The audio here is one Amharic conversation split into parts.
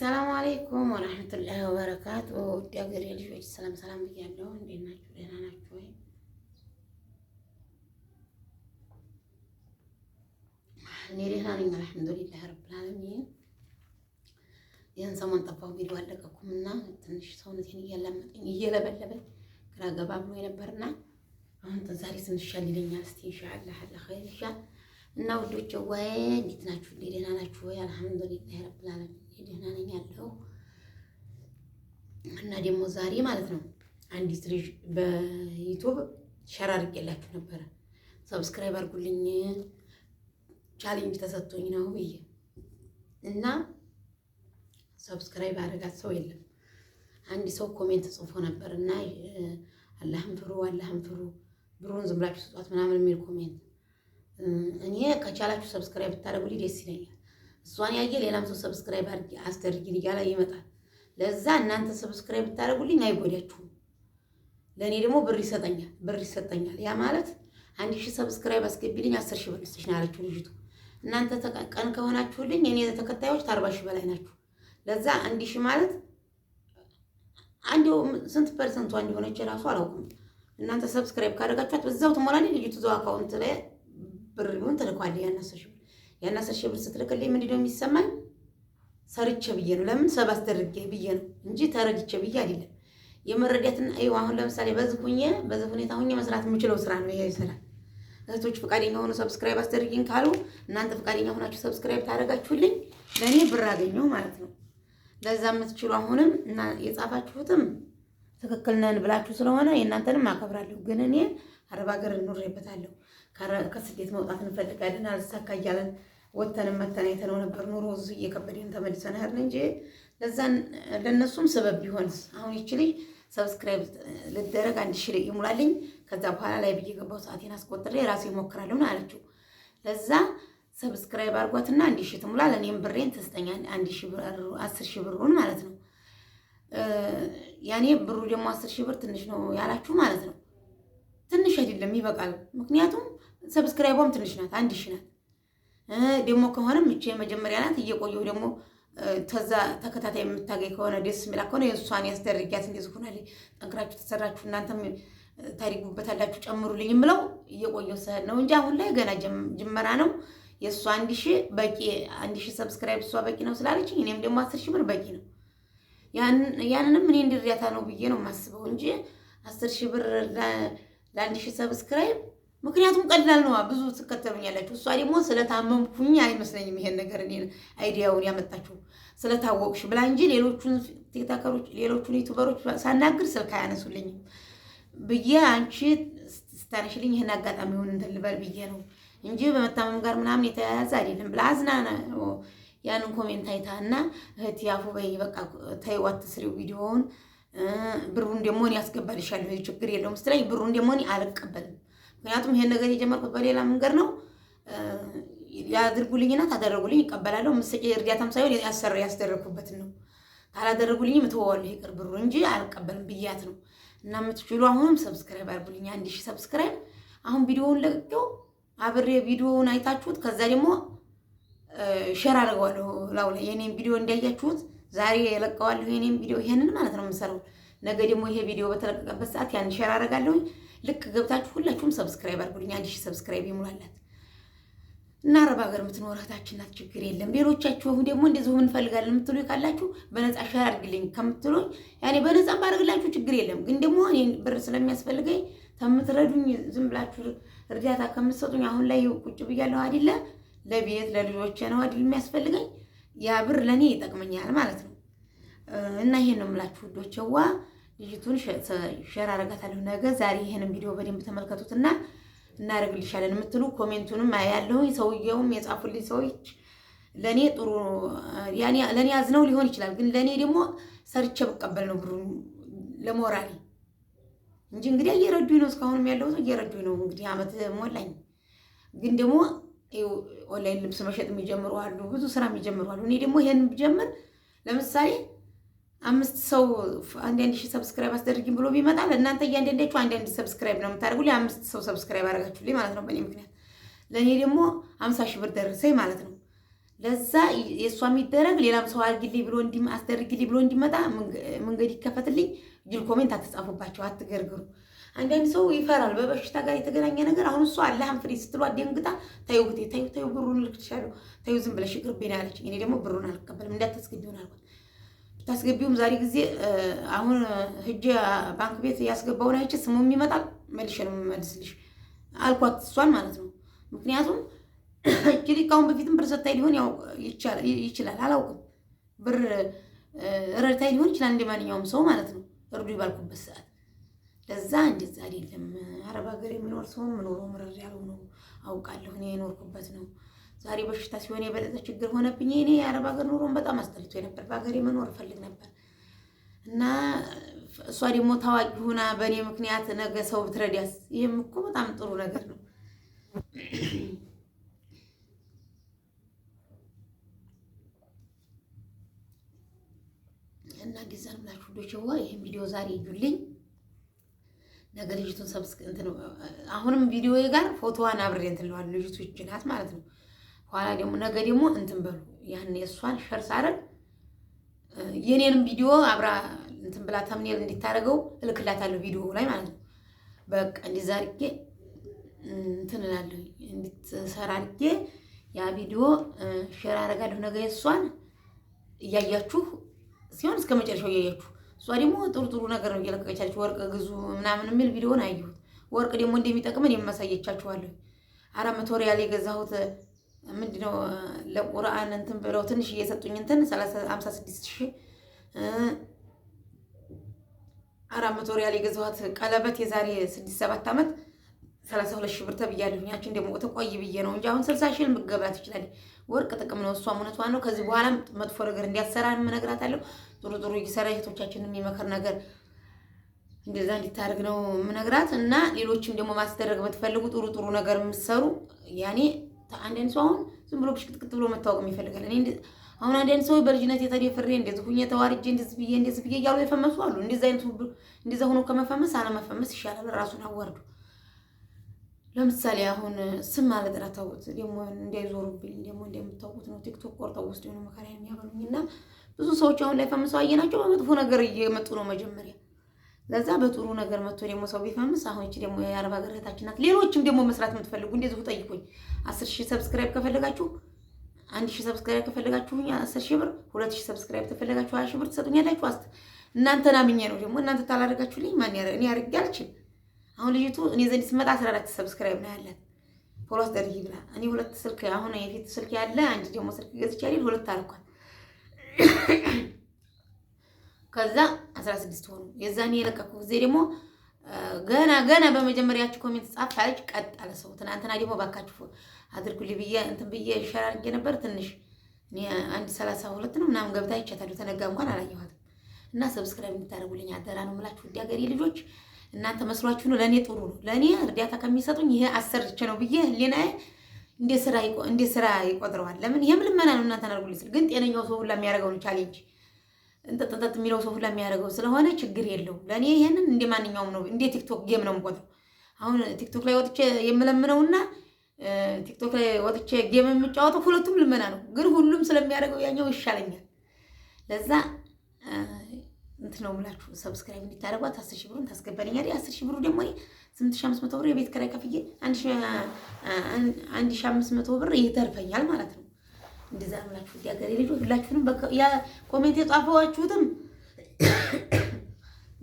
ሰላም አለይኩም ወረህመቱላሂ ወበረካቱ። ውድ ሀገሬ ልጆች ሰላም ሰላም ብያለሁ። እንዴት ናችሁ? ደህና ናችሁ ወይ? እኔ ደህና ነኝ አልሐምዱሊላህ ረብል ዓለሚን። ይህን ሰሞን ጠፋሁ ቪዲዮ አለቀኩም እና ትንሽ ሰውነቴን እያላመጠኝ እየለበለበኝ ግራ ገባ ብሎ የነበርና አሁን ዛሬ ትንሽ ይለኛል። እስኪ ኢንሻአላህ አለ ኸይር እና ውዶች፣ ወይ እንዴት ናችሁ? ደህና ናችሁ ወይ? አልሐምዱሊላህ ረብል ዓለሚን ደህና ነኝ ያለው እና ደግሞ ዛሬ ማለት ነው አንዲት ልጅ በዩቱብ ሸር አድርጌላችሁ ነበረ። ሰብስክራይብ አድርጉልኝ ቻሌንጅ ተሰጥቶኝ ነው ብዬ እና ሰብስክራይብ አድርጋት ሰው የለም። አንድ ሰው ኮሜንት ጽፎ ነበር እና አላህም ፍሩ አላህም ፍሩ ብሩን ዝም ብላችሁ ስጧት ምናምን የሚል ኮሜንት። እኔ ከቻላችሁ ሰብስክራይብ ብታደርጉልኝ ደስ ይለኛል። እሷን ያየ ሌላም ሰው ሰብስክራይብ አድርጊ አስደርጊ እያለ ይመጣል። ለዛ እናንተ ሰብስክራይብ ብታደርጉልኝ አይጎዳችሁም፣ ለእኔ ደግሞ ብር ይሰጠኛል ብር ይሰጠኛል። ያ ማለት አንድ ሺህ ሰብስክራይብ አስገቢልኝ አስር ሺህ ብር ስሽን ያለችው ልጅቱ። እናንተ ተቀቀን ከሆናችሁልኝ እኔ ተከታዮች ታርባ ሺህ በላይ ናችሁ። ለዛ አንድ ሺህ ማለት አንድ ስንት ፐርሰንቱ አንድ የሆነች የራሱ አላውቅም። እናንተ ሰብስክራይብ ካደረጋችኋት በዛው ትሞላለች ልጅቱ። እዛው አካውንት ላይ ብር ቢሆን ትልኳል ያናሰሽ ያን አስር ሺህ ብር ስትልክልኝ ምንድን ነው የሚሰማኝ? ሰርቼ ብዬ ነው። ለምን ሰብ አስደርጌ ብዬ ነው እንጂ ተረድቼ ብዬ አይደለም። የመረዳትን ይኸው አሁን ለምሳሌ በዚህ ሁኜ በዚህ ሁኔታ ሁኜ መስራት የምችለው ስራ ነው ይሄ ስራ። እህቶች ፈቃደኛ ሆኖ ሰብስክራይብ አስደርጊኝ ካሉ እናንተ ፈቃደኛ ሆናችሁ ሰብስክራይብ ታደርጋችሁልኝ ለእኔ ብር አገኘው ማለት ነው። ለዛ የምትችሉ አሁንም እና የጻፋችሁትም ትክክል ነን ብላችሁ ስለሆነ የእናንተንም አከብራለሁ። ግን እኔ አረብ ሀገር እኖሬበታለሁ። ከስደት መውጣት እንፈልጋለን አልተሳካ እያለን ወተንም መተን የተነው ነበር ኑሮ እዚህ እየከበደን ተመልሰን ሄድን እንጂ ለዛን ለነሱም ሰበብ ቢሆን አሁን ይቺ ልጅ ሰብስክራይብ ልደረግ አንድ ሺህ ይሙላልኝ ከዛ በኋላ ላይ ብዬ ገባው ሰዓቴን አስቆጥሬ ራሴ እሞክራለሁ አለችው። ለዛ ሰብስክራይብ አድርጓትና አንድ ሺህ ትሙላ ለእኔም ብሬን ትስጠኛ አንድ ሺህ ብር አስር ሺህ ብሩን ማለት ነው። ያኔ ብሩ ደግሞ አስር ሺህ ብር ትንሽ ነው ያላችሁ ማለት ነው። ትንሽ አይደለም ይበቃል። ምክንያቱም ሰብስክራይቧም ትንሽ ናት፣ አንድ ሺህ ናት። ደግሞ ከሆነም እቺ የመጀመሪያ ናት። እየቆየሁ ደግሞ ተዛ ተከታታይ የምታገኝ ከሆነ ደስ የሚላ ከሆነ የእሷን ያስደርጊያት። እንደዚህ ሆናል፣ ጠንክራችሁ ተሰራችሁ፣ እናንተም ታድጉበታላችሁ፣ ጨምሩልኝ ብለው እየቆየሁ ስህል ነው እንጂ አሁን ላይ ገና ጅመራ ነው። የእሷ አንድ ሺህ በቂ አንድ ሺ ሰብስክራይብ እሷ በቂ ነው ስላለች እኔም ደግሞ አስር ሺ ብር በቂ ነው። ያንንም እኔ እንድርያታ ነው ብዬ ነው የማስበው እንጂ አስር ሺ ብር ለአንድ ሺ ሰብስክራይብ ምክንያቱም ቀላል ነዋ። ብዙ ትከተሉኛላችሁ። እሷ ደግሞ ስለታመምኩኝ አይመስለኝም ይሄን ነገር እኔ አይዲያውን ያመጣችው ስለታወቅሽ ብላ እንጂ ሌሎቹን ቲክቶከሮች፣ ሌሎቹን ዩቱበሮች ሳናግር ስልክ አያነሱልኝም ብዬ አንቺ ስታነሽልኝ ይህን አጋጣሚ ሆን እንትን ልበል ብዬ ነው እንጂ በመታመም ጋር ምናምን የተያያዘ አይደለም ብላ አዝና ያንን ኮሜንት አይታ እና እህት ያፉ በይ በቃ ተይዋት ስሪው ቪዲዮውን ብሩን ደግሞ እኔ ያስገባልሻለሁ ችግር የለውም ስትለኝ ብሩን ደግሞ እኔ አልቀበልም ምክንያቱም ይሄን ነገር የጀመርኩት በሌላ መንገድ ነው። ያድርጉልኝና ታደረጉልኝ ይቀበላለሁ። ምስጭ እርዳታም ሳይሆን ያሰር ያስደረግኩበትን ነው። ታላደረጉልኝም እተወዋለሁ ይቅር ብሩ እንጂ አልቀበልም ብያት ነው። እና የምትችሉ አሁንም ሰብስክራይብ አድርጉልኝ፣ አንድ ሺህ ሰብስክራይብ። አሁን ቪዲዮውን ለቅቄው አብሬ ቪዲዮውን አይታችሁት ከዛ ደግሞ ሼር አድርገዋለሁ ላው ላይ የኔም ቪዲዮ እንዲያያችሁት ዛሬ የለቀዋለሁ የኔም ቪዲዮ ይሄንን ማለት ነው የምሰራው ነገ ደግሞ ይሄ ቪዲዮ በተለቀቀበት ሰዓት ያን ሼር አደርጋለሁኝ። ልክ ገብታችሁ ሁላችሁም ሰብስክራይብ አድርጉልኝ። አንድ ሺህ ሰብስክራይብ ይሙላላት እና አረብ ሀገር የምትኖር ናት። ችግር የለም። ሌሎቻችሁም ደግሞ እንደዚሁ እንፈልጋለን የምትሉ ካላችሁ በነፃ ሸር አድርግልኝ ከምትሉኝ ያኔ በነፃ ባደርግላችሁ ችግር የለም። ግን ደግሞ ብር ስለሚያስፈልገኝ ከምትረዱኝ ዝም ብላችሁ እርዳታ ከምትሰጡኝ አሁን ላይ ቁጭ ብያለሁ አይደለ? ለቤት ለልጆቼ ነው አይደል የሚያስፈልገኝ ያ ብር ለእኔ ይጠቅመኛል ማለት ነው። እና ይሄን ነው የምላችሁ ውዶችዋ። ልጅቱን ሸር አረጋታለሁ ነገ ዛሬ ይሄንን ቪዲዮ በደንብ ተመልከቱትና እናደርግልሻለን የምትሉ ኮሜንቱንም ያለሁኝ ሰውየውም የጻፉልኝ ሰዎች ለእኔ ጥሩ ለእኔ አዝነው ሊሆን ይችላል፣ ግን ለእኔ ደግሞ ሰርቼ ብቀበል ነው ብሩ ለሞራሌ እንጂ እንግዲህ እየረዱኝ ነው። እስካሁንም ያለው ሰው እየረዱኝ ነው። እንግዲህ አመት ሞላኝ፣ ግን ደግሞ ኦንላይን ልብስ መሸጥ የሚጀምሩ አሉ፣ ብዙ ስራ የሚጀምሩ አሉ። እኔ ደግሞ ይሄን ብጀምር ለምሳሌ አምስት ሰው አንዳንድ ሺህ ሰብስክራይብ አስደርጊም ብሎ ቢመጣ ለእናንተ እያንዳንዳችሁ አንዳንድ ሰብስክራይብ ነው የምታደርጉ። አምስት ሰው ሰብስክራይብ አደረጋችሁልኝ ማለት ነው በእኔ ምክንያት። ለእኔ ደግሞ አምሳ ሺህ ብር ደረሰኝ ማለት ነው። ለዛ የእሷ የሚደረግ ሌላም ሰው አድርጊልኝ ብሎ አስደርጊልኝ ብሎ እንዲመጣ መንገድ ይከፈትልኝ። ጅል ኮሜንት አትጻፉባቸው፣ አትገርግሩ። አንዳንድ ሰው ይፈራል። በበሽታ ጋር የተገናኘ ነገር አሁን እሷ አላህን ፍሬ ስትሉ ደንግጣ ታዩ፣ ታዩ፣ ታዩ ብሩን ልክትሻለሁ፣ ታዩ ዝም ብለሽ ይቅርብኝ አለች። እኔ ደግሞ ብሩን አልቀበልም እንዳታስገቢውን አልኳት። ብታስገቢውም ዛሬ ጊዜ አሁን ህጅ ባንክ ቤት ያስገባውን አይቼ ስሙ የሚመጣል መልሼ ነው የምመልስልሽ አልኳት፣ እሷን ማለት ነው። ምክንያቱም እችሊ ከአሁን በፊትም ብር ሰታይ ሊሆን ይችላል፣ አላውቅም። ብር ረድታይ ሊሆን ይችላል፣ እንደ ማንኛውም ሰው ማለት ነው። እርዱ ይባልኩበት ሰዓት ለዛ እንደዛ አይደለም። አረብ ሀገር የሚኖር ሰው ምኖረው ምረር ያለው ነው አውቃለሁ፣ እኔ የኖርኩበት ነው። ዛሬ በሽታ ሲሆን የበለጠ ችግር ሆነብኝ። እኔ የአረብ ሀገር ኑሮን በጣም አስጠልቶ ነበር። በሀገሬ መኖር ፈልግ ነበር እና እሷ ደግሞ ታዋቂ ሁና በእኔ ምክንያት ነገ ሰው ብትረዳስ፣ ይህም እኮ በጣም ጥሩ ነገር ነው። እና ጊዜ ምላችሁ ዶች ዋ ይህም ቪዲዮ ዛሬ ይጁልኝ ነገ ልጅቱን ሰብስክ እንትን አሁንም ቪዲዮ ጋር ፎቶዋን አብሬ እንትን ለዋል ልጅቱ ይችናት ማለት ነው ኋላ ደግሞ ነገ ደግሞ እንትን በሉ ያን የእሷን ሸር ሳረግ የኔንም ቪዲዮ አብራ እንትን ብላ ተምኔል እንዲታረገው እልክላታለሁ ቪዲዮ ላይ ማለት ነው። በቃ እንዲዛ አድርጌ እንትን እላለሁ እንድትሰራ አድርጌ ያ ቪዲዮ ሼር አረጋለሁ። ነገ የእሷን እያያችሁ ሲሆን እስከ መጨረሻው እያያችሁ እሷ ደግሞ ጥሩ ጥሩ ነገር ነው እየለቀቀቻለች። ወርቅ ግዙ ምናምን የሚል ቪዲዮን አየሁት። ወርቅ ደግሞ እንደሚጠቅመን የማሳየቻችኋለሁ። አራት መቶ ሪያል የገዛሁት ምንድነው ለቁርአን እንትን ብለው ትንሽ እየሰጡኝ እንትን ሀምሳ ስድስት አራት መቶ ሪያል የገዛኋት ቀለበት የዛሬ ስድስት ሰባት ዓመት ሰላሳ ሁለት ሺህ ብር ተብያለሁ። ያችን ደግሞ ተቆይ ብዬ ነው እንጂ አሁን ስልሳ ሺህ ልምገባ ትችላል። ወርቅ ጥቅም ነው። እሷም እውነቷ ነው። ከዚህ በኋላም መጥፎ ነገር እንዲያሰራ እነግራታለሁ። ጥሩ ጥሩ ይሰራ እህቶቻችን የሚመክር ነገር እንደዛ እንዲታደርግ ነው የምነግራት እና ሌሎችም ደግሞ ማስደረግ የምትፈልጉ ጥሩ ጥሩ ነገር የምትሰሩ ያኔ አንዳንድ ሰው አሁን ዝም ብሎ ብሽቅጥቅጥ ብሎ መታወቅ ይፈልጋል። እኔ አሁን አንዳንድ ሰው በልጅነት የተደፍሬ እንደዚህ ሁኜ ተዋርጄ እንደዚህ ብዬ እንደዚህ ብዬ እያሉ የፈመሱ አሉ። እንደዚህ አይነት እንደዛ ሆኖ ከመፈመስ አለመፈመስ ይሻላል። ራሱን አዋርዱ። ለምሳሌ አሁን ስም አለጥራ ታውት ደግሞ እንዳይዞሩብኝ ደግሞ እንደምታውቁት ነው። ቲክቶክ ቆርጠው ውስጥ የሆነ መከራ የሚያበሉኝ እና ብዙ ሰዎች አሁን ላይ ፈምሰው አየናቸው። በመጥፎ ነገር እየመጡ ነው መጀመሪያ ለዛ በጥሩ ነገር መጥቶ ደግሞ ሰው ቢፈምስ አሁን እቺ ደግሞ የአረብ ሀገር እህታችን ናት። ሌሎችም ደግሞ መስራት የምትፈልጉ እንደዚሁ ጠይቁኝ። አስር ሺህ ሰብስክራይብ ከፈለጋችሁ አንድ ሺህ ሰብስክራይብ ከፈለጋችሁ አስር ሺህ ብር፣ ሁለት ሺህ ሰብስክራይብ ተፈለጋችሁ ሀያ ሺህ ብር ትሰጡኛላችሁ። አስት እናንተን አምኜ ነው ደግሞ እናንተ ታላደርጋችሁልኝ ማን ያረ እኔ አርግ አልችል። አሁን ልጅቱ እኔ ዘንድ ስመጣ አስራ አራት ሰብስክራይብ ነው ያላት። ፎሎ ደርጊ ብላ እኔ ሁለት ስልክ አሁን የፊት ስልክ ያለ አንድ ደግሞ ስልክ ገዝቻለሁ ሁለት አልኳት ከዛ 16 ሆኑ። የዛኔ የለቀኩ ጊዜ ደግሞ ገና ገና በመጀመሪያችሁ ኮሜንት ጻፍ አለች። ቀጥ አለ ሰው። ትናንትና ደግሞ ባካችሁ አድርጉልኝ ብዬ እንትን ብዬ ሸር አድርጌ ነበር። ትንሽ አንድ 32 ነው ምናምን ገብታ ይቻታሉ። ተነጋ እንኳን አላየኋትም። እና ሰብስክራይብ እንድታደርጉልኝ አደራ ነው የምላችሁ። ውድ ሀገሬ ልጆች እናንተ መስሏችሁ ነው። ለእኔ ጥሩ ነው። ለእኔ እርዳታ ከሚሰጡኝ ይሄ አሰርቼ ነው ብዬ ህሊና እንደ ስራ ይቆጥረዋል። ለምን ይሄም ልመና ነው። እናንተ አድርጉልኝ ስል ግን ጤነኛው ሰው ሁላ የሚያደርገው ነው ቻሌንጅ እንጠጠጠጥ የሚለው ሰው ሁላ የሚያደርገው ስለሆነ ችግር የለውም። ለእኔ ይህንን እንደ ማንኛውም ነው፣ እንደ ቲክቶክ ጌም ነው የምቆጥረው። አሁን ቲክቶክ ላይ ወጥቼ የምለምነውና ቲክቶክ ላይ ወጥቼ ጌም የምጫወተው ሁለቱም ልመና ነው፣ ግን ሁሉም ስለሚያደርገው ያኛው ይሻለኛል። ለዛ እንትን ነው የምላችሁ ሰብስክራይብ እንዲታደርጓት አስር ሺህ ብሩን ታስገባልኛል። አስር ሺህ ብሩ ደግሞ ስምንት ሺህ አምስት መቶ ብር የቤት ኪራይ ከፍዬ አንድ ሺህ አምስት መቶ ብር ይተርፈኛል ማለት ነው። እንደዛ ብላችሁ ያገሬ ልጆች ሁላችሁንም ኮሜንት የጻፈዋችሁትም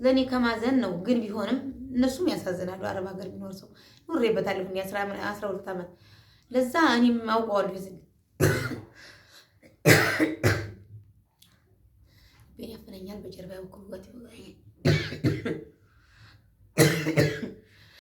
ለእኔ ከማዘን ነው። ግን ቢሆንም እነሱም ያሳዝናሉ። አረብ ሀገር ቢኖር ሰው ኑሬበታለሁ አስራ ሁለት ዓመት ለዛ እኔም አውቀዋለሁ። ዝ ያፍነኛል በጀርባ ያውቁበት